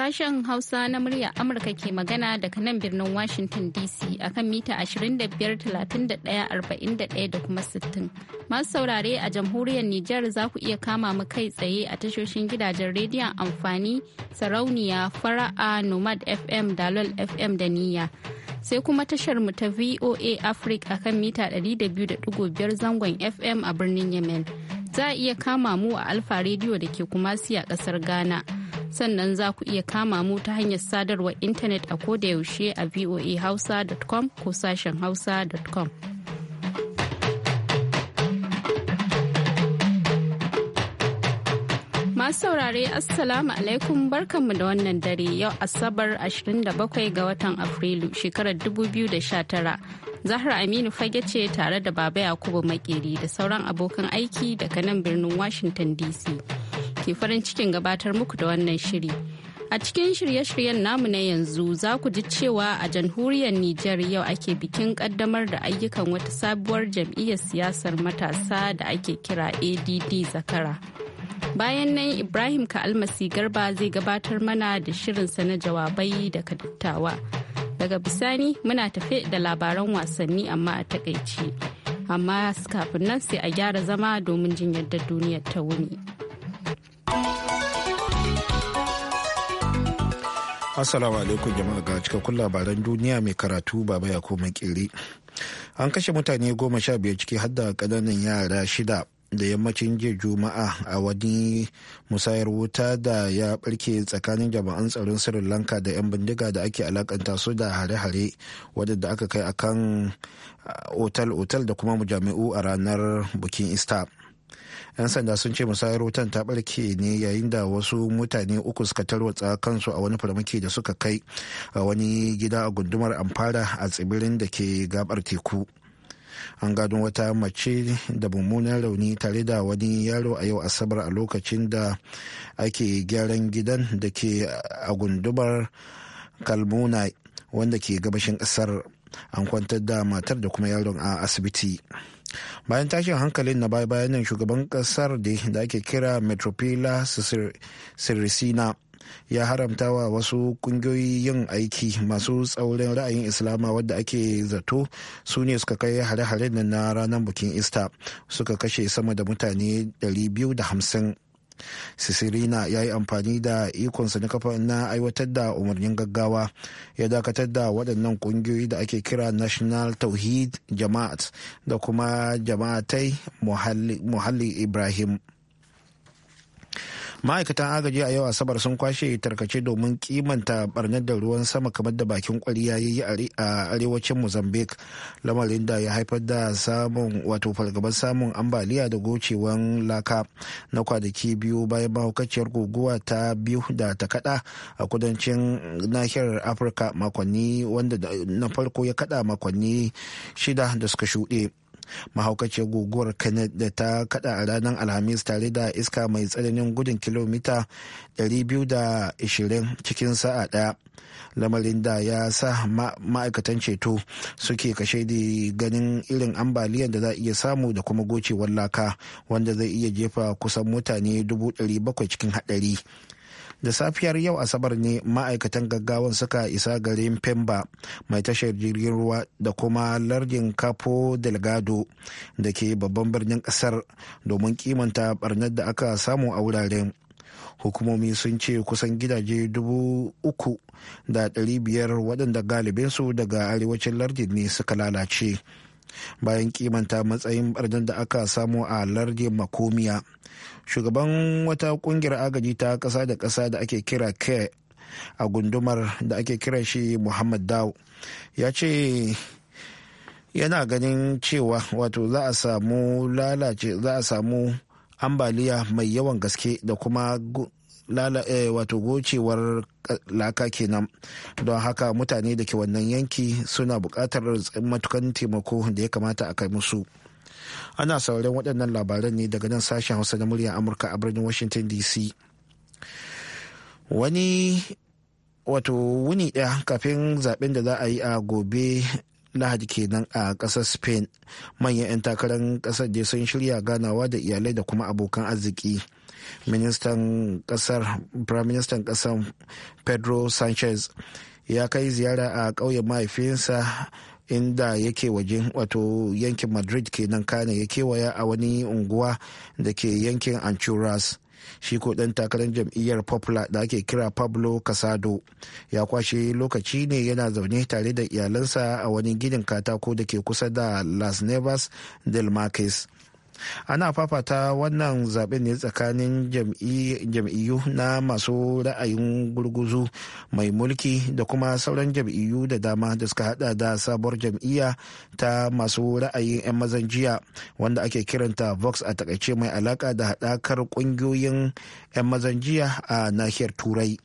Sashen Hausa na murya Amurka ke magana daga nan birnin Washington DC akan mita 25-31-41 da kuma 60. Masu saurare a jamhuriyar Nijar za ku iya kama mu kai tsaye a tashoshin gidajen rediyon amfani sarauniya fara'a Nomad FM Dalol FM da Niyya. Sai kuma tashar mu ta VOA Africa akan mita 200.5 zangon FM a birnin Yemen. Za a iya kama mu a Alfa Radio da ke kumasi a ƙasar Ghana. sannan za ku iya kama mu ta hanyar sadarwar intanet a ko da yaushe a voahausa.com ko sashen hausa.com. Masu saurare Assalamu alaikum barkanmu da wannan dare yau Asabar 27 ga watan Afrilu shekarar 2019. Zahra Aminu fage ce tare da Baba Yakubu Makeri da sauran abokan aiki daga nan birnin Washington DC. ke farin cikin gabatar muku da wannan shiri. A cikin shirye-shiryen namu na yanzu za ku ji cewa a jamhuriyar Nijar yau ake bikin kaddamar da ayyukan wata sabuwar jam'iyyar siyasar matasa da ake kira ADD Zakara. Bayan nan Ibrahim Ka'almasi Garba zai gabatar mana da shirinsa na jawabai daga dattawa. Daga bisani muna tafe da labaran wasanni amma a takaici Amma kafin nan sai a gyara zama domin jin yadda duniyar ta wuni. Assalamu alaikum jama'a ga cikakkun labaran duniya mai karatu baba ya koma kiri. An kashe mutane goma sha biyar ciki har da ƙananan yara shida da yammacin jiya juma'a a wani musayar wuta da ya barke tsakanin jama'an tsaron sri lanka da 'yan bindiga da ake alakanta su da hare-hare wadanda aka kai akan uh, otal-otal da kuma mujami'u a ranar bukin easter 'yan sanda sun ce musayar wutan ta barke ne yayin da wasu mutane uku suka tarwatsa kansu a wani farmaki da suka kai a wani gida a gundumar amfara a tsibirin da ke gabar teku an gado wata mace da mummunan rauni tare da wani yaro a yau asabar a lokacin da ake gyaran gidan da ke a gundumar kalmuna wanda ke gabashin kasar an kwantar da matar da kuma yaron a asibiti bayan tashin hankalin na baya bayan nan shugaban kasar da ake kira metropila sirisina ya haramta wa wasu kungiyoyi yin aiki masu tsaurin ra'ayin islama wadda ake zato su ne suka kai hare-hare na ranar bukin ista suka kashe sama da mutane 250 sisirina ya yi amfani da ikonsa na kafa na aiwatar da umarnin gaggawa ya dakatar da waɗannan ƙungiyoyi da ake kira national tauhid jama'at da kuma jama'atai muhalli ibrahim ma'aikatan agaji a yau asabar sun kwashe tarkace domin kimanta barnar da ruwan sama kamar da bakin kwari ya yi a arewacin mozambique lamarin da ya haifar da samun wato fargabar samun ambaliya da gocewan laka na kwanaki biyu bayan mahaukaciyar guguwa ta biyu da ta kada a kudancin nahiyar afirka makonni wanda na farko ya kada makonni shida da suka shuɗe mahaukaciyar guguwar kenneth da ta kada a ranar alhamis tare da iska mai tsananin gudun kilomita 220 cikin sa'a daya lamarin da ya sa ma'aikatan ceto suke kashe da ganin irin ambaliyar da za a iya samu da kuma gocewar laka wanda zai iya jefa kusan mutane 700 cikin haɗari. da safiyar yau asabar ne ma'aikatan gaggawan suka isa garin pemba mai tashar jirgin ruwa da kuma lardin capo delgado da ke babban birnin kasar domin kimanta barnar da aka samu a wuraren hukumomi sun ce kusan gidaje dubu uku da ɗari biyar waɗanda galibinsu daga arewacin lardin ne suka lalace bayan kimanta matsayin barnar da aka samu a lardin makomiya shugaban wata kungiyar agaji ta kasa da kasa da ake kira ke a gundumar da ake kira shi muhammad dawo ya ce yana ganin cewa wato za a samu lalace za a samu ambaliya mai yawan gaske da kuma lala eh, wato gocewar laka kenan don haka mutane da ke wannan yanki suna buƙatar matukan taimako da ya kamata a kai musu. ana sauraron waɗannan labaran ne daga nan sashen hausa na muryar amurka a birnin washington dc wani wato wuni ɗaya kafin zaben da za a yi a gobe lahadi kenan a ƙasar spain manyan 'yan takarar ƙasar da sun shirya ganawa da iyalai da kuma abokan arziki ministan ƙasar prime minister ƙasar pedro sanchez ya kai ziyara a ƙauyen mahaifinsa inda yake waje wato yankin madrid kenan kane ya kewaya a wani unguwa da ke yankin anchuras shi ko ɗan takarar jam'iyyar popular da ake kira pablo casado ya kwashe lokaci ne yana zaune tare da iyalansa a wani ginin katako da ke kusa da las nevas del marques ana fafata wannan zaben ne tsakanin jam'iyyu na masu ra'ayin gurguzu mai mulki da kuma sauran jam'iyyu da dama da suka hada da sabuwar jam'iyya ta masu ra'ayin 'yan mazan jiya wanda ake kiranta vox a takaice mai alaka da haɗakar ƙungiyoyin 'yan mazan jiya a nahiyar turai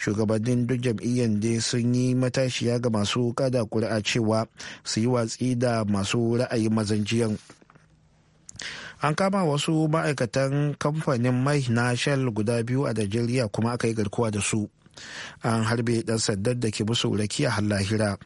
shugabannin duk jam'iyyar dai sun yi matashiya ga masu kada kuri'a cewa su yi watsi da masu ra'ayin mazan jiyan. an kama wasu ma'aikatan kamfanin mai na shell guda biyu a najeriya kuma aka yi garkuwa da su an harbe dan sandar da ke musu rakiya har lahira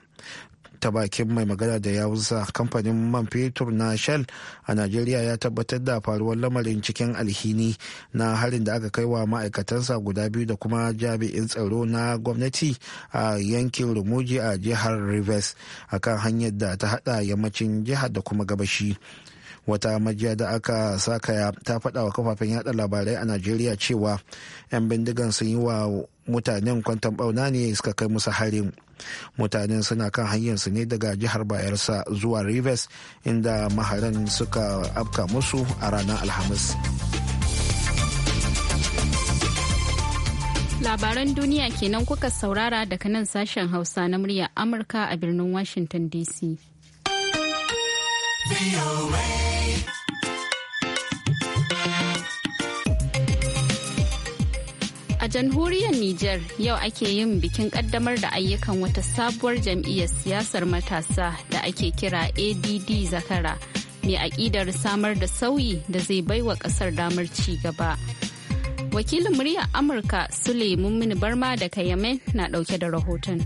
ta bakin mai magana da yawunsa kamfanin man fetur na shell a najeriya ya tabbatar da faruwar lamarin cikin alhini na harin da aka kai wa ma'aikatansa guda biyu da kuma jami'in tsaro na gwamnati a yankin rumuji a jihar rivers akan hanyar da ta hada yammacin jihar da kuma gabashi wata majiya da aka sakaya ta faɗa wa kafafen yada labarai a najeriya cewa 'yan bindigan sun yi wa mutanen kwantan bauna ne suka kai musu harin mutanen suna kan hanyarsu ne daga jihar bayelsa zuwa rivers inda maharan suka afka musu a ranar alhamis labaran duniya kenan kuka saurara daga nan sashen hausa na murya amurka a birnin washington dc A jamhuriyar Nijar yau ake yin bikin kaddamar da ayyukan wata sabuwar jam'iyyar siyasar matasa da ake kira ADD Zakara mai aƙidar samar da sauyi da zai baiwa ƙasar damar ci gaba. Wakilin muryar Amurka Sule Mummini Barma daga Yemen na ɗauke da rahoton.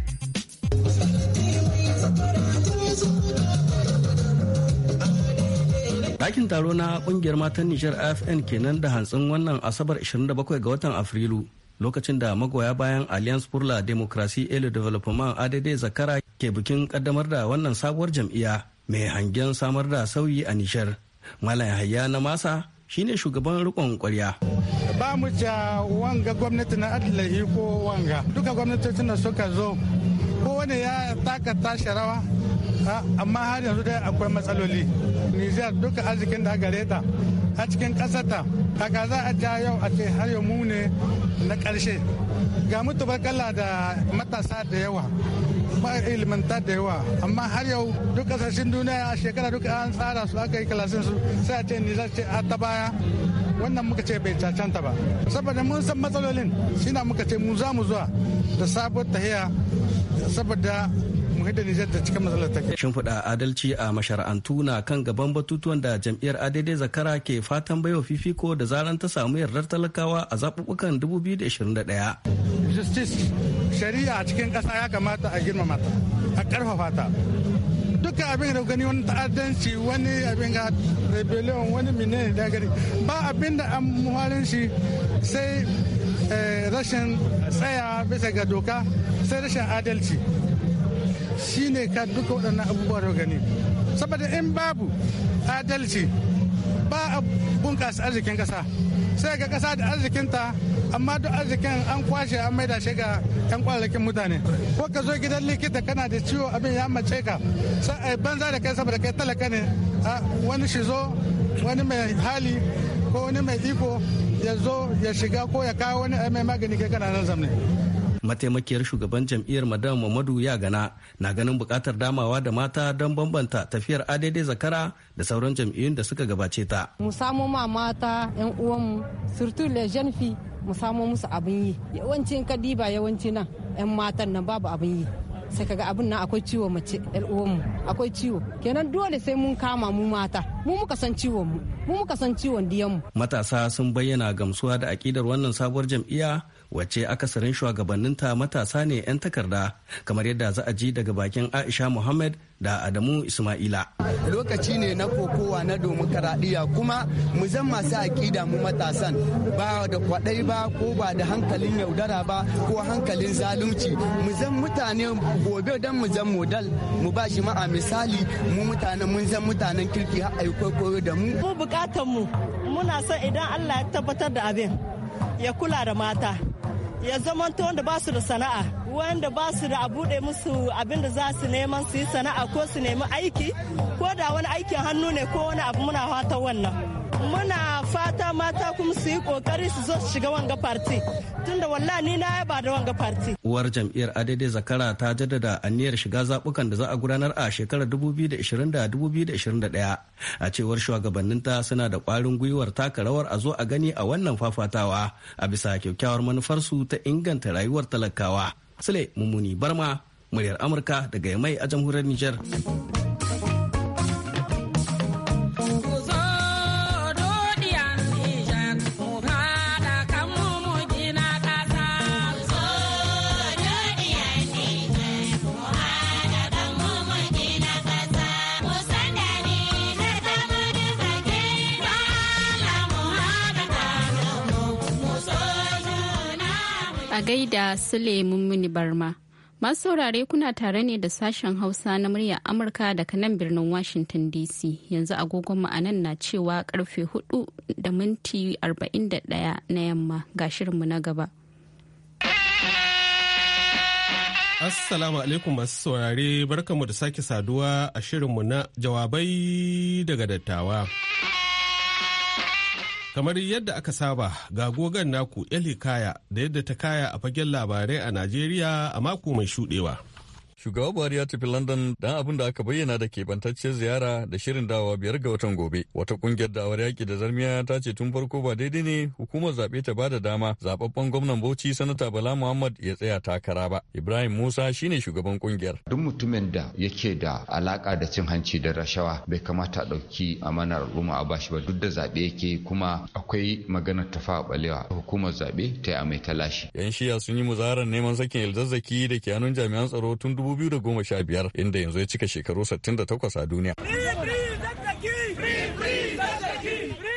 Ɗakin taro na ƙungiyar matan Nijar AFN kenan da hantsin wannan Asabar 27 ga watan Afrilu. lokacin da magoya bayan alliance for la democracy et le development add zakara ke bikin kaddamar da wannan sabuwar jam'iyya mai hangen samar da sauyi a nishar malam yahaya na masa shine shugaban rikon kwarya ba mu ca wanga gwamnati na adalahi ko wanga duka gwamnatocin da suka zo ko wani ya taka tashi rawa ta amma har yanzu dai akwai matsaloli nijar duka arzikin da gare ta a cikin ta haka za a ja yau a ce har yau mu ne na ƙarshe ga mutu bakalla da matasa da yawa ba ilimanta da yawa amma har yau duka ƙasashen duniya a shekara duka an tsara su aka yi kalasin su sai a ce nijar ce a ta baya wannan muka ce bai cancanta ba saboda mun san matsalolin na muka ce mu za mu zuwa da sabuwar tahiya saboda game da Nijar ta cika matsalar kai. Shimfiɗa adalci a mashara'antu na kan gaban batutuwan da jam'iyyar Adede Zakara ke fatan baiwa fifiko da zaran ta samu yardar talakawa a zaɓuɓɓukan 2021. Justice shari'a a cikin ƙasa ya kamata a girmama ta, a ƙarfafa ta. duka abin da gani wani ta'addanci wani abin ga rebellion wani mine da gari ba abin da an muhalin shi sai eh, rashin tsaya bisa ga doka sai rashin adalci shine ka duka waɗannan abubuwa da gani saboda in babu adalci ba a bunƙasa arzikin ƙasa sai ga ƙasa da arzikinta amma duk arzikin an kwashe an maida shi ga yan kwallakin mutane ko ka zo gidan likita kana da ciwo abin ya mace ka sai eh, banza da kai saboda kai talaka ne wani shi zo wani mai hali ko wani mai iko ya zo ya shiga ko ya kawo wani eh, mai magani kai kana nan zamne mataimakiyar shugaban jam'iyyar madam mamadu ya gana na ganin bukatar damawa da mata don bambanta tafiyar adaidai zakara da sauran jam'iyyun da suka gabace ta mu samo ma mata yan uwanmu surtu le jeunes mu samo musu abin yi yawancin diba yawanci nan yan matan nan babu abin yi sai kaga abin nan akwai ciwo mace 'yan uwanmu akwai ciwo kenan dole sai mun kama mu mata mu muka san ciwon mu mu muka san ciwon diyan matasa sun bayyana gamsuwa da akidar wannan sabuwar jam'iyya wacce akasarin shugabanninta matasa ne 'yan takarda kamar yadda za a ji daga bakin aisha muhammad da adamu ismaila lokaci ne na kokowa na dimokuraɗiyya kuma mu zan masu aƙida mu matasan ba da kwaɗai ba ko ba da hankalin yaudara ba ko hankalin zalunci mu zan mutane gobe don mu zan modal mu ba shi ma'a misali mu mutane mun zan mutanen kirki har ayi kwaikwayo da mu mu bukatan mu muna son idan Allah ya tabbatar da abin ya kula da mata ya ta wanda ba su da sana'a wanda ba su da a buɗe musu abin da za su neman su yi sana'a ko su nemi aiki ko da wani aikin hannu ne ko wani abu muna hata wannan muna fata mata kuma su yi kokari su zo su shiga wanga farti tunda wallahi ni na yaba da wanga farti uwar jam'iyyar adede zakara ta jaddada aniyar shiga zabukan da za a gudanar a shekarar 2020-2021 a cewar shugabanninta suna da kwarin gwiwar taka rawar a zo a gani a wannan fafatawa a bisa kyakkyawar su ta inganta rayuwar talakawa sule mummuni barma muryar amurka daga yamai a jamhuriyar niger a gaida Sule Mummuni Barma. Masu saurare kuna tare ne da sashen Hausa na muryar Amurka daga nan birnin Washington DC. Yanzu agogon ma'anan na cewa karfe 4 da minti 41 na yamma ga shirinmu na gaba. Assalamu alaikum masu saurare barkanmu da sake saduwa a shirinmu na jawabai daga dattawa. kamar yadda aka saba ga gogon naku eli kaya da yadda ta kaya a fagen labarai a najeriya a mako mai shudewa Shugaba Buhari ya tafi London don abin da aka bayyana da keɓantaccen ziyara da shirin dawa biyar ga watan gobe. Wata ƙungiyar dawar yaƙi da zarmiya ta ce tun farko ba daidai ne hukumar zaɓe ta bada dama zaɓaɓɓen gwamnan Bauchi sanata Bala Muhammad ya tsaya takara ba. Ibrahim Musa shine shugaban ƙungiyar. Duk mutumin da yake da alaƙa da cin hanci da rashawa bai kamata a ɗauki amanar al'umma a bashi ba duk da zaɓe yake kuma akwai magana ta tafa ɓalewa hukumar zaɓe ta yi a mai talashi. Yan shiya sun yi muzaharar neman sakin ilzazzaki da ke hannun jami'an tsaro tun dubu 2015 inda yanzu ya cika shekaru 68 a duniya.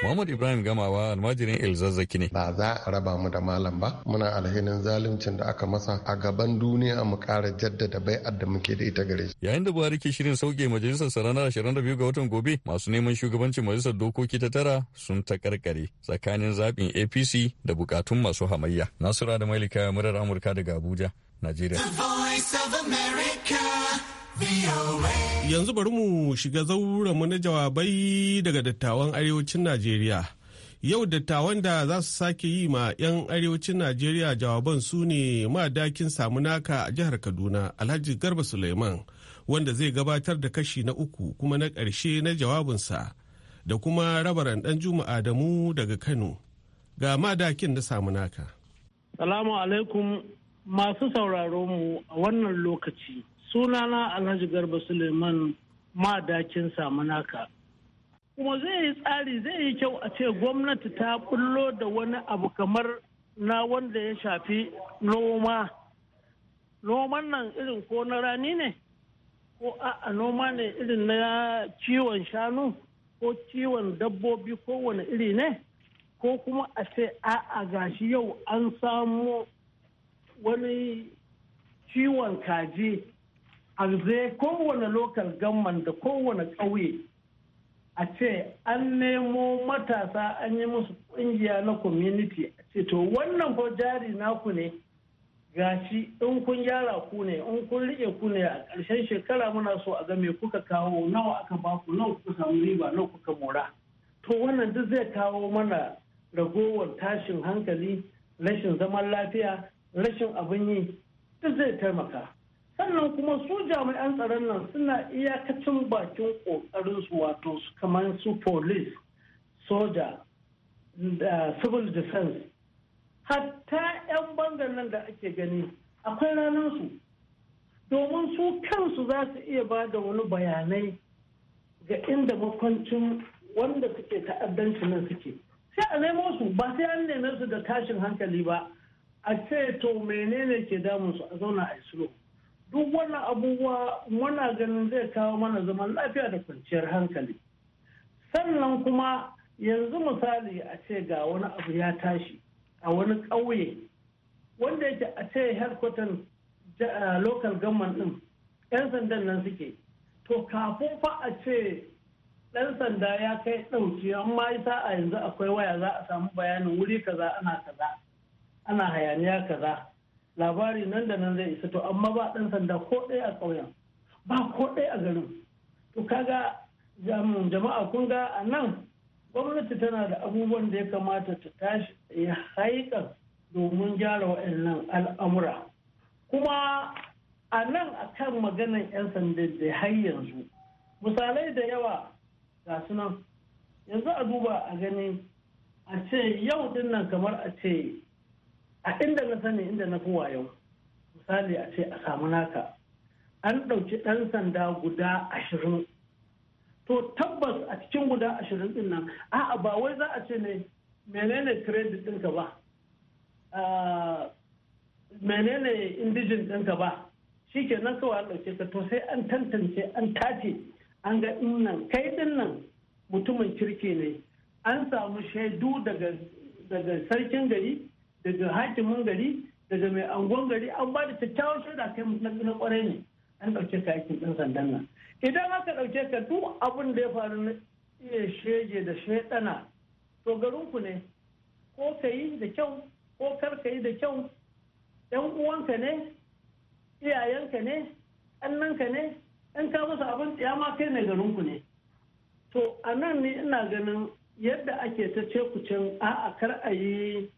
Muhammad Ibrahim Gamawa almajirin Zazzaki ne. Ba za a raba mu da malam ba, muna alhinin zaluncin da aka masa a gaban duniya mu kara jaddada bai'ar da muke da ita gare shi. Yayin da Buhari ke shirin sauke majalisar sa ranar 22 ga watan gobe, masu neman shugabancin majalisar dokoki ta tara sun ta karkare tsakanin zaɓin APC da bukatun masu hamayya. Nasura da Mailika murar Amurka daga Abuja, Najeriya. Yanzu bari mu shiga mu na jawabai daga dattawan arewacin Najeriya. Yau dattawan da za su sake yi ma 'yan arewacin Najeriya jawaban su ne madakin samunaka a jihar Kaduna, Alhaji Garba Suleiman, wanda zai gabatar da kashi na uku kuma na ƙarshe na jawabinsa, da kuma rabaran ɗan Juma'a Adamu daga Kano. Ga madakin na samunaka. Salamu alaikum masu sauraro mu a wannan lokaci sunana alhaji garba suleiman madakin samunaka kuma zai yi tsari zai yi kyau a ce gwamnati ta bullo da wani abu kamar na wanda ya shafi noma noman nan irin ko na rani ne ko a noma ne irin na kiwon shanu ko kiwon dabbobi ko wani iri ne ko kuma a ce a'a gashi yau an samo wani ciwon kaji a zai kowane lokal gamman da kowane ƙauye a ce an nemo matasa an yi musu ƙungiya na community a ce to wannan ko jari naku ne gashi in kun gyara ku ne in kun riƙe ku ne a ƙarshen shekara muna so a game kuka kawo nawa aka baku nawa kuka samu riba nawa kuka mora to wannan duk zai kawo mana ragowar tashin hankali rashin zaman lafiya rashin abin yi duk zai taimaka sannan kuma su jami'an tsaron nan suna iyakacin bakin ƙoƙarinsu wato kamar su police soja da civil defense hatta 'yan bangar nan da ake gani akwai ranar su domin su kansu za su iya ba da wani bayanai ga inda makwancin wanda suke ta'addanci nan suke sai a nemo su ba sai an neme su da tashin hankali ba a ce to menene ke damun su a zauna a isro duk wannan abubuwa muna ganin zai kawo mana zaman lafiya da kwanciyar hankali sannan kuma yanzu misali a ce ga wani abu ya tashi a wani ƙauye wanda yake a ce headquarter eh, local government din 'yan sandan nan suke to kafin fa a ce ɗan sanda ya kai ɗauki amma sa'a yanzu akwai waya za a samu bayanin wuri kaza ana kaza ana hayaniya kaza labari nan da nan zai isa to amma ba ɗan sanda ko ɗaya a ƙauyen ba ko ɗaya a garin to kaga jama'a kun ga a nan gwamnati tana da abubuwan da ya kamata ta tashi ya haika domin gyara waɗannan al'amura kuma a nan a kan maganar 'yan sanda da har yanzu misalai da yawa ga su nan yanzu a duba a gani a ce yau din kamar a ce a inda na sani inda na fi yau misali a ce a samu naka an ɗauki ɗan sanda guda ashirin to tabbas a cikin guda ashirin ɗin nan a'a ba wai za a ce ne menene credit ɗinka ba ah, menene indijin ɗinka ba shi ke nan kawai an ɗauke ka to sai an tantance an tace an ga nan kai ɗin nan mutumin kirki ne an samu shaidu daga sarkin gari daga hakimin gari daga mai angon gari an ba da kyakkyawan shaida kai na kwarai ne an ɗauke ka aikin ɗan sandan nan idan aka ɗauke ka duk abin da ya faru na iya shege da shaidana to garinku ne ko ka yi da kyau ko kar ka yi da kyau yan uwanka ne iyayenka ne ɗannanka ne in ka musu abin ya ma kai ne garinku ne to a nan ne ina ganin yadda ake ta cekucin a'a kar a yi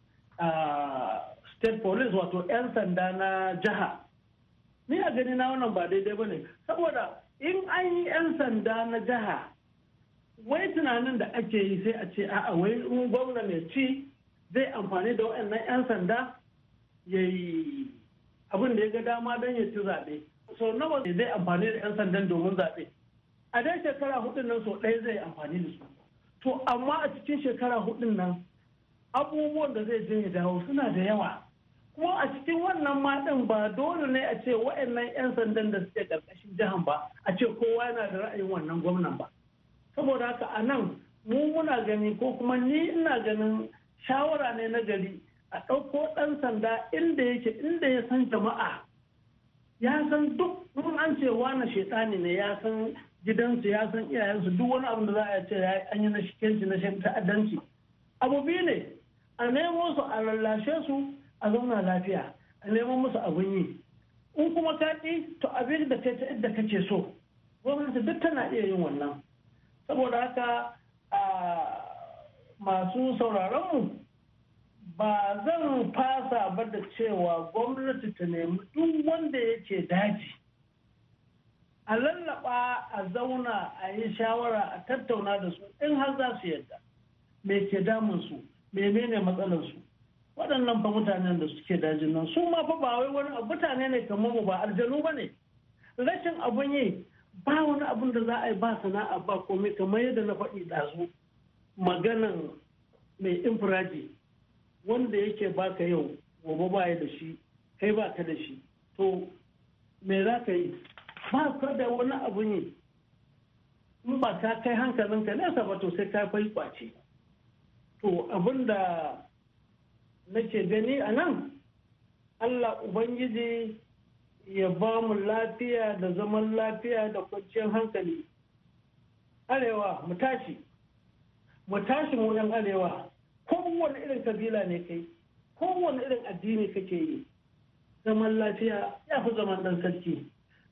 state police wato 'yan sanda na jiha ni a gani na wannan ba daidai ba ne saboda in an yi 'yan sanda na jiha wai tunanin da ake yi sai a ce a'a wai in gwamna mai ci zai amfani da waɗannan 'yan sanda ya yi abin da ya ga dama don ya ci zaɓe so nawa zai amfani da 'yan sandan domin zaɓe a dai shekara hudun nan so ɗaya zai amfani da su to amma a cikin shekara hudun nan abubuwan da zai je ya dawo suna da yawa kuma a cikin wannan matan ba dole ne a ce wa'annan 'yan sandan da suke karkashin jihan ba a ce kowa yana da ra'ayin wannan gwamnan ba saboda haka a nan mu muna gani ko kuma ni ina ganin shawara ne na gari a ɗauko ɗan sanda inda yake inda ya san jama'a ya san duk mun an ce wani shaitani ne ya san gidansu ya san iyayensu duk wani abu da za a ce an yi na shikenci na ta'addanci abu biyu ne a nemo su a lallashe su a zauna lafiya a nemo musu abin yi in kuma ka ƙi to abin da ta kake so gwamnati duk tana iya yin wannan saboda haka a masu sauraronmu ba zan fasa ba da cewa gwamnati ta nemi duk wanda yake daji a lallaba a zauna a yi shawara a tattauna da su in har za su yadda me ke damun su menene matsalarsu waɗannan fa mutanen da suke dajin nan su ma fa ba wai wani mutane ne kamar mu ba aljanu ba ne rashin abun yi ba wani abun da za a yi ba sana'a ba komai kamar yadda na faɗi ɗazu maganan mai infiraji wanda yake baka yau gobe ba da shi kai ba ka da shi to me za ka yi ba ka da wani abun yi in ba ka kai hankalinka nesa ba to sai ka fai kwace to abin da nake gani a nan allah ubangiji ya ba mu lafiya da zaman lafiya da kwanciyar hankali arewa mu tashi mu tashi mu yan arewa kowane irin kabila ne kai kowane irin addini kake yi zaman lafiya ya fi zaman ɗan sarki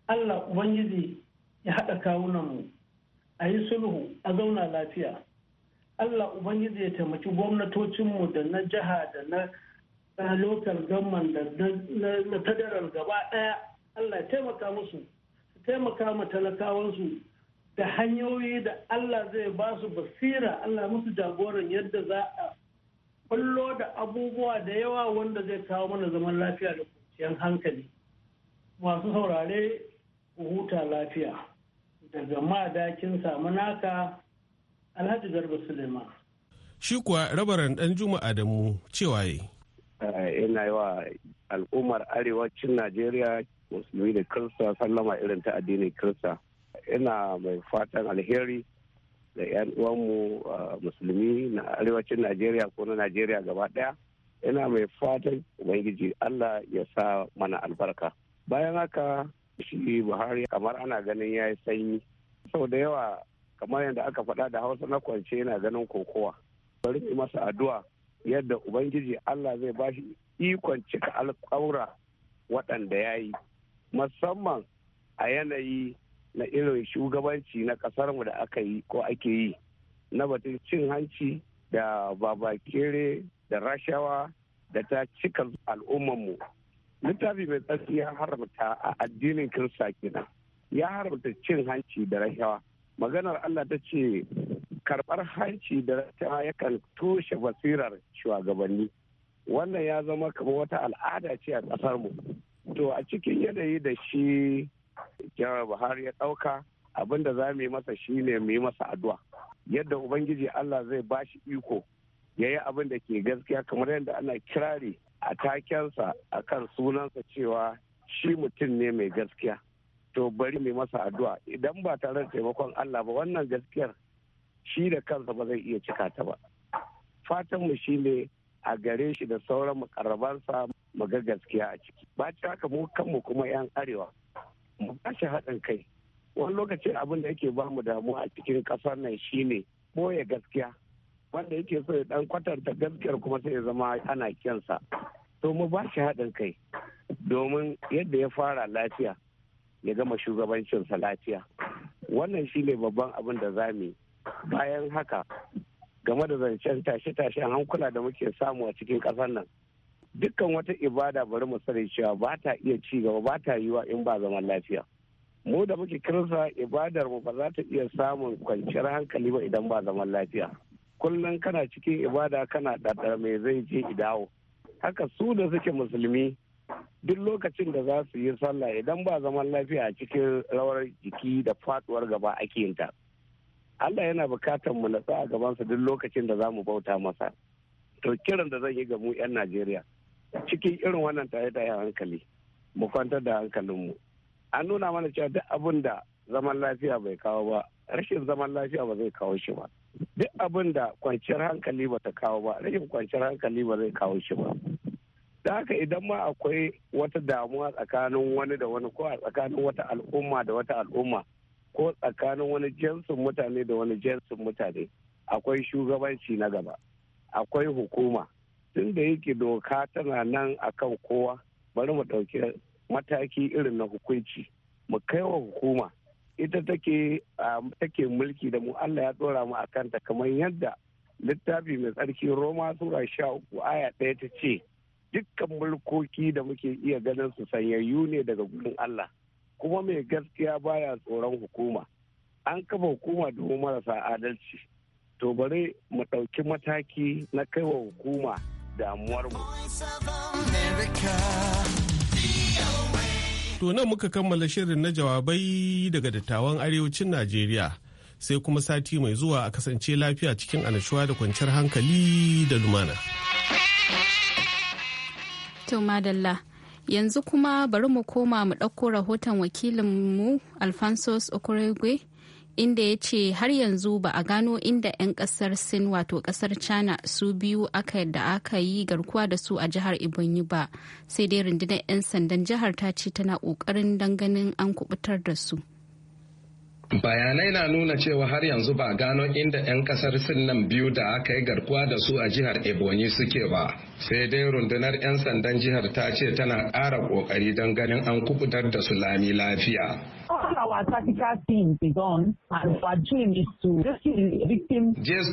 allah ubangiji ya haɗa kawunanmu a yi sulhu a zauna lafiya allah ubangiji ya taimaki gwamnatocinmu da na jiha da na lokal local da na tadarar gaba ɗaya allah ya taimaka musu su taimaka ma talakawansu da hanyoyi da allah zai ba su basira allah musu jagoran yadda za a kwallo da abubuwa da yawa wanda zai kawo mana zaman lafiya da kwanciyar hankali masu saurare ku huta lafiya daga ma dakin samu naka Alhaji Garba Suleiman. Shi kuwa rabaran ɗan Juma'a da mu cewa yi. Eh, ina yi wa al'ummar arewacin Najeriya musulmi da kirista sallama irin ta addinin kirista. Ina mai fatan alheri da 'yan uwanmu eh, musulmi na arewacin Najeriya ko na Najeriya gaba ɗaya. Ina mai fatan Ubangiji Allah ya sa mana albarka. Bayan haka shi Buhari kamar ana ganin ya yi sanyi. Sau da yawa kamar yadda aka faɗa da hausa na kwance yana ganin kokowa bari mu masa addu'a yadda ubangiji allah zai ba shi ikon cika alƙawura waɗanda ya yi musamman a yanayi na irin shugabanci na ƙasarmu da aka yi ko ake yi na batun cin hanci da babakere da rashawa da ta cika al'ummanmu littafi mai tsarki ya haramta a addinin kirista kenan ya haramta cin hanci da rashawa maganar Allah ta ce karɓar hanci da rashawa yakan toshe basirar shugabanni wannan ya zama kamar wata al'ada ce a ƙasar mu to a cikin yanayi da shi jihar buhari ya ɗauka abinda da za mu yi masa shi ne mu yi masa addu'a yadda ubangiji allah zai ba shi iko ya yi abin da ke gaskiya kamar yadda ana kirari a takensa a kan sunansa cewa shi mutum ne mai gaskiya to bari mai masa addu'a idan ba tare da taimakon Allah ba wannan gaskiyar shi da kansa ba zai iya cika ta ba fatan mu ne a gare shi da sauran mukarrabansa mu ga gaskiya a ciki ba ci haka mu kanmu kuma yan arewa mu shi haɗin kai wani lokacin abin da yake ba mu damuwa a cikin ƙasar nan shi ne boye gaskiya wanda yake so ya dan kwatanta gaskiyar kuma sai ya zama ana kyansa to mu ba shi haɗin kai domin yadda ya fara lafiya ya gama shugabancinsa lafiya wannan shi ne babban abin da za mu bayan haka game da zancen tashe-tashen hankula da muke samu a cikin ƙasar nan dukkan wata ibada bari mu sani cewa ba ta iya ci gaba ba ta yiwa in ba zaman lafiya mu da muke kirsa ibadar mu ba za ta iya samun kwanciyar hankali ba idan ba zaman lafiya kullum kana cikin ibada kana ɗaɗa mai zai je idawo haka su da suke musulmi duk lokacin da za su yi sallah idan ba zaman lafiya a cikin rawar jiki da faduwar gaba ake yin ta Allah yana bukatar mu natsa a gabansa duk lokacin da za mu bauta masa to kiran da zan yi ga mu 'yan Najeriya cikin irin wannan tare da hankali mu kwantar da hankalinmu an nuna mana cewa duk abin da zaman lafiya bai kawo ba rashin zaman lafiya ba zai kawo shi ba duk abin da kwanciyar hankali ba ta kawo ba rashin kwanciyar hankali ba zai kawo shi ba da haka idan ma akwai wata damuwa tsakanin wani da wani ko a tsakanin wata al'umma da wata al'umma ko tsakanin wani jinsin mutane da wani jinsin mutane akwai shugabanci na gaba akwai hukuma tun da yake doka tana nan akan kowa bari mu ɗauki mataki irin na hukunci mu kai wa hukuma ita take take mulki da mu Allah ya tsora mu akan ta kamar yadda littafi mai tsarki Roma sura 13 aya ɗaya ta ce dukkan mulkoki da muke iya ganin su sanyayyu ne daga gurin Allah kuma mai gaskiya baya tsoron hukuma an kafa hukuma domin marasa adalci to bare mu ɗauki mataki na kaiwa hukuma damuwarmu. To nan muka kammala shirin na jawabai daga dattawan arewacin Najeriya sai kuma sati mai zuwa a kasance lafiya cikin annashuwa da kwanciyar hankali da lumana. madalla. Yanzu kuma bari mu koma mu ɗauko rahoton wakilinmu Alphonsus Okoregwe inda ya ce har yanzu ba a gano inda 'yan ƙasar Sin wato ƙasar China su biyu aka da aka yi garkuwa da su a jihar Ebonyi ba sai dai rundunar 'yan sandan jihar ta ce tana ƙoƙarin danganin an kubutar da su. bayanai na nuna cewa har yanzu ba gano inda 'yan kasar sin nan biyu da aka yi garkuwa da su a jihar ebonyi suke ba sai dai rundunar 'yan sandan jihar ta ce tana ƙara ƙoƙari don ganin an kubutar da su lami lafiya. our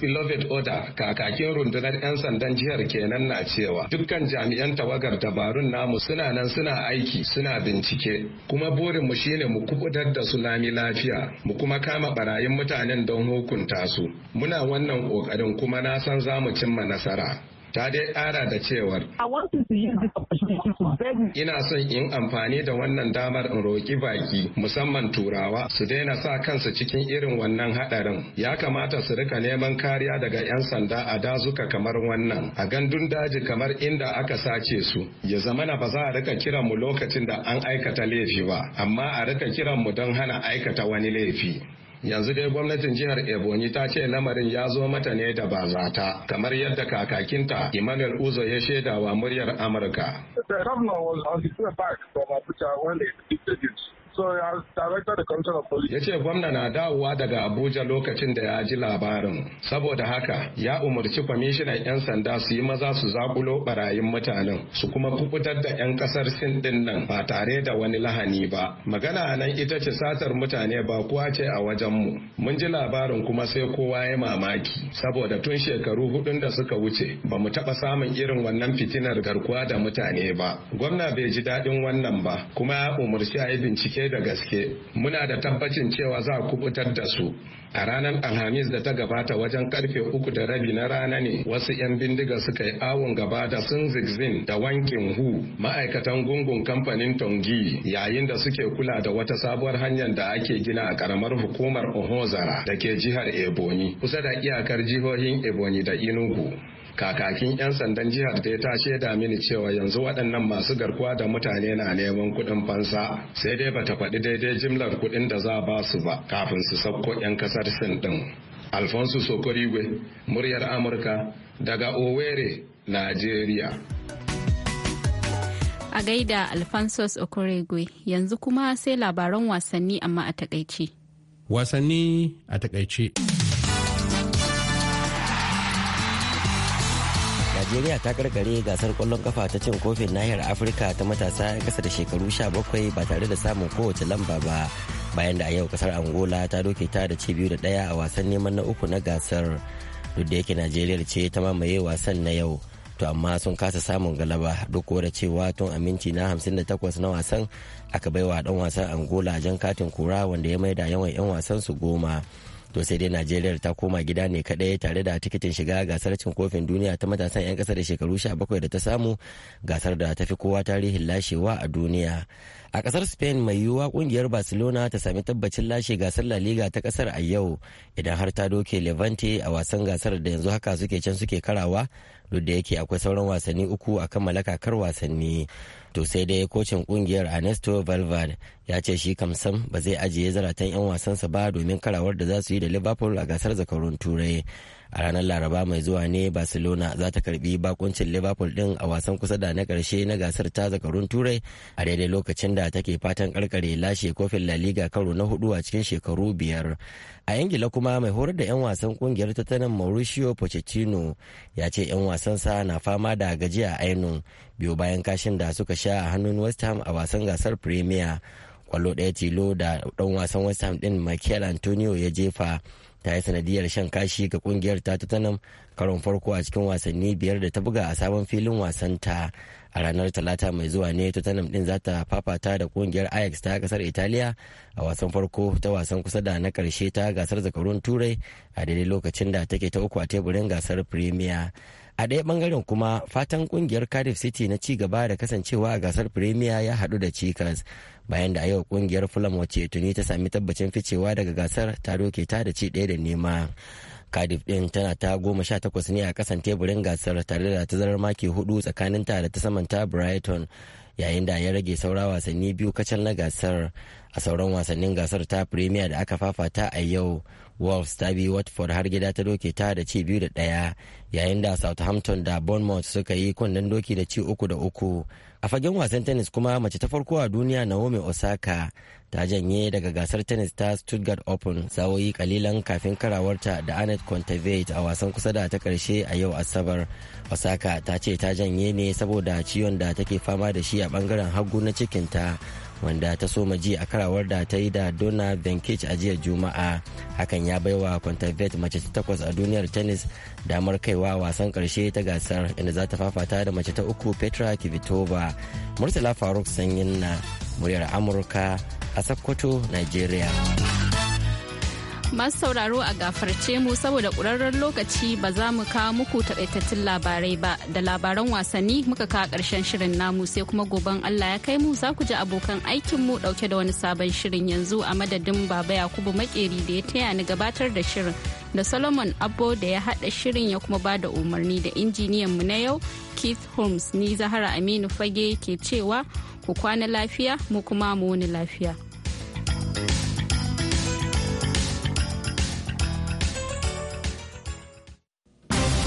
Beloved Oda kakakin rundunar 'yan sandan jihar kenan na cewa dukkan jami'an tawagar dabarun namu suna nan suna aiki suna bincike kuma burin mu shine mu kubutar da su lami lafiya mu kuma kama barayin mutanen don hukunta su muna wannan kokarin kuma na san za mu cimma nasara. Ta dai ƙara da cewar. Ina son in amfani da wannan damar in roƙi baki musamman turawa su daina sa kansu cikin irin wannan haɗarin. Ya kamata su rika neman kariya daga 'yan sanda a dazuka kamar wannan a gandun daji kamar inda aka sace su. Ya zamana ba za a rika kiran mu lokacin da an aikata laifi ba amma a rika kiran mu don hana aikata wani laifi. yanzu dai gwamnatin jihar ebonyi ta ce lamarin ya zo mata ne da ba bazata kamar yadda kakakinta emmanuel uzo ya shaidawa muryar amurka So director control of police. Ya ce gwamna na dawowa daga Abuja lokacin da ya ji labarin. Saboda haka ya umarci kwamishinan 'yan sanda su yi maza su zakulo barayin mutanen su kuma kubutar da 'yan kasar Sin din nan ba tare da wani lahani ba. Magana nan ita ce satar mutane ba kuwa ce a mu Mun ji labarin kuma sai kowa ya mamaki saboda tun shekaru hudun da suka wuce ba mu taɓa samun irin wannan fitinar garkuwa da mutane ba. Gwamna bai ji daɗin wannan ba kuma ya umarci a yi bincike da gaske muna da tabbacin cewa za a kubutar da su a ranar alhamis da ta gabata wajen karfe uku da rabi na rana ne wasu 'yan bindiga suka yi awon gaba da sun zigzin da wankin hu ma'aikatan gungun kamfanin tongi yayin da suke kula da wata sabuwar hanyar da ake gina a karamar hukumar ohozara da ke jihar ebonyi kusa da iyakar jihohin ebonyi da inugu kakakin 'yan sandan jihar da ya ta shaida mini cewa yanzu waɗannan masu garkuwa da mutane na neman kuɗin fansa sai dai bata faɗi daidai jimlar kuɗin da za a ba su ba kafin su sauko 'yan kasar sin ɗin. alfonso sokorigwe muryar amurka daga owerri nigeria a gaida alfonso sokorigwe yanzu kuma sai labaran wasanni amma a takaice wasanni a takaice najeriya ta karkare gasar kwallon kafa ta cin kofin nahiyar afirka ta matasa 'yan kasa da shekaru 17 ba tare da samun kowace lamba ba bayan da a yau kasar angola ta doke ta da ci biyu da daya a wasan neman na uku na gasar duk da yake najeriya ce ta mamaye wasan na yau to amma sun kasa samun galaba duk da cewa tun a minti na 58 na wasan aka baiwa dan wasan angola jan katin kura wanda ya maida yawan 'yan wasan su goma to sai dai najeriya ta koma gida ne kadai tare da tikitin shiga gasar cin kofin duniya ta matasan 'yan kasa da shekaru 17 da ta samu gasar da ta fi kowa tarihin lashewa a duniya a kasar spain mai yiwuwa kungiyar barcelona ta sami tabbacin lashe gasar la liga ta kasar a yau idan har ta doke levante a wasan gasar da yanzu haka suke can suke karawa duk da yake akwai sauran wasanni uku a kan kakar wasanni to sai dai kocin kungiyar ernesto valverde ya ce shi kamsam ba zai ajiye zaratan 'yan wasansa ba domin karawar da za su yi da liverpool a gasar zakarun turai a ranar laraba mai zuwa ne barcelona za ta karbi bakuncin liverpool din a wasan kusa da na karshe na gasar ta zakarun turai a daidai lokacin da take fatan karkare lashe kofin la liga karo na hudu a cikin shekaru biyar a ingila kuma mai horar da 'yan wasan kungiyar tattalin mauricio pochettino ya ce 'yan wasansa na fama da gajiya ainun biyu bayan kashin da suka sha a hannun west ham a wasan gasar premier kwallo daya tilo da ɗan wasan west ham din michael antonio ya jefa ta yi sanadiyar shan kashi ga kungiyar ta tanan karon farko a cikin wasanni biyar da ta buga a sabon filin wasan ta. a ranar talata mai zuwa ne tottenham din za ta fafata da kungiyar ajax ta kasar italiya a wasan farko ta wasan kusa da na karshe ta gasar zakarun turai a daidai lokacin da take ta uku a teburin gasar premier a ɗaya bangaren kuma fatan kungiyar cardiff city na ci gaba da kasancewa a gasar premier ya haɗu da cikas bayan da a yau kungiyar fulham wacce tuni ta sami tabbacin ficewa daga gasar ta doke ta da ci ɗaya da nema cardiff din tana ta goma sha takwas ne a kasan teburin gasar tare da tazarar maki hudu tsakanin ta da ta samanta brighton yayin da ya rage saura wasanni biyu kacal na gasar a sauran wasannin gasar ta premier da aka fafata a yau wolves ta bi watford har gida ta doke ta da ci biyu da ɗaya yayin da southampton da bournemouth suka yi kunnen doki da ci uku da uku a fagen wasan tennis kuma mace ta farko a duniya naomi osaka ta janye daga gasar tennis ta stuttgart open sa'o'i kalilan kafin karawarta da anet contevate a wasan kusa da ta karshe a yau asabar osaka ta ce ta janye ne saboda ciwon da take fama da shi a bangaren hagu na cikinta wanda ta soma ji a karawar da ta yi da dona benkic a jiya juma'a hakan ya baiwa kwantarvet mace ta takwas a duniyar tennis damar kaiwa wasan karshe ta gasar inda za ta fafata da mace ta uku petra kivitova murtala faruk sanyin na muryar amurka a sakkwato nigeria masu sauraro a gafarce mu saboda ƙurarren lokaci ba za mu kawo muku taƙaitattun labarai ba da labaran wasanni muka kawo ƙarshen shirin namu sai kuma goben Allah ya kai mu za ku ji abokan aikin mu ɗauke da wani sabon shirin yanzu a madadin baba Yakubu Makeri da ya taya ni gabatar da shirin da Solomon abo da ya haɗa shirin ya kuma ba da umarni da injiniyan mu na yau Keith Holmes ni Zahara Aminu Fage ke cewa ku kwana lafiya mu kuma mu wani lafiya.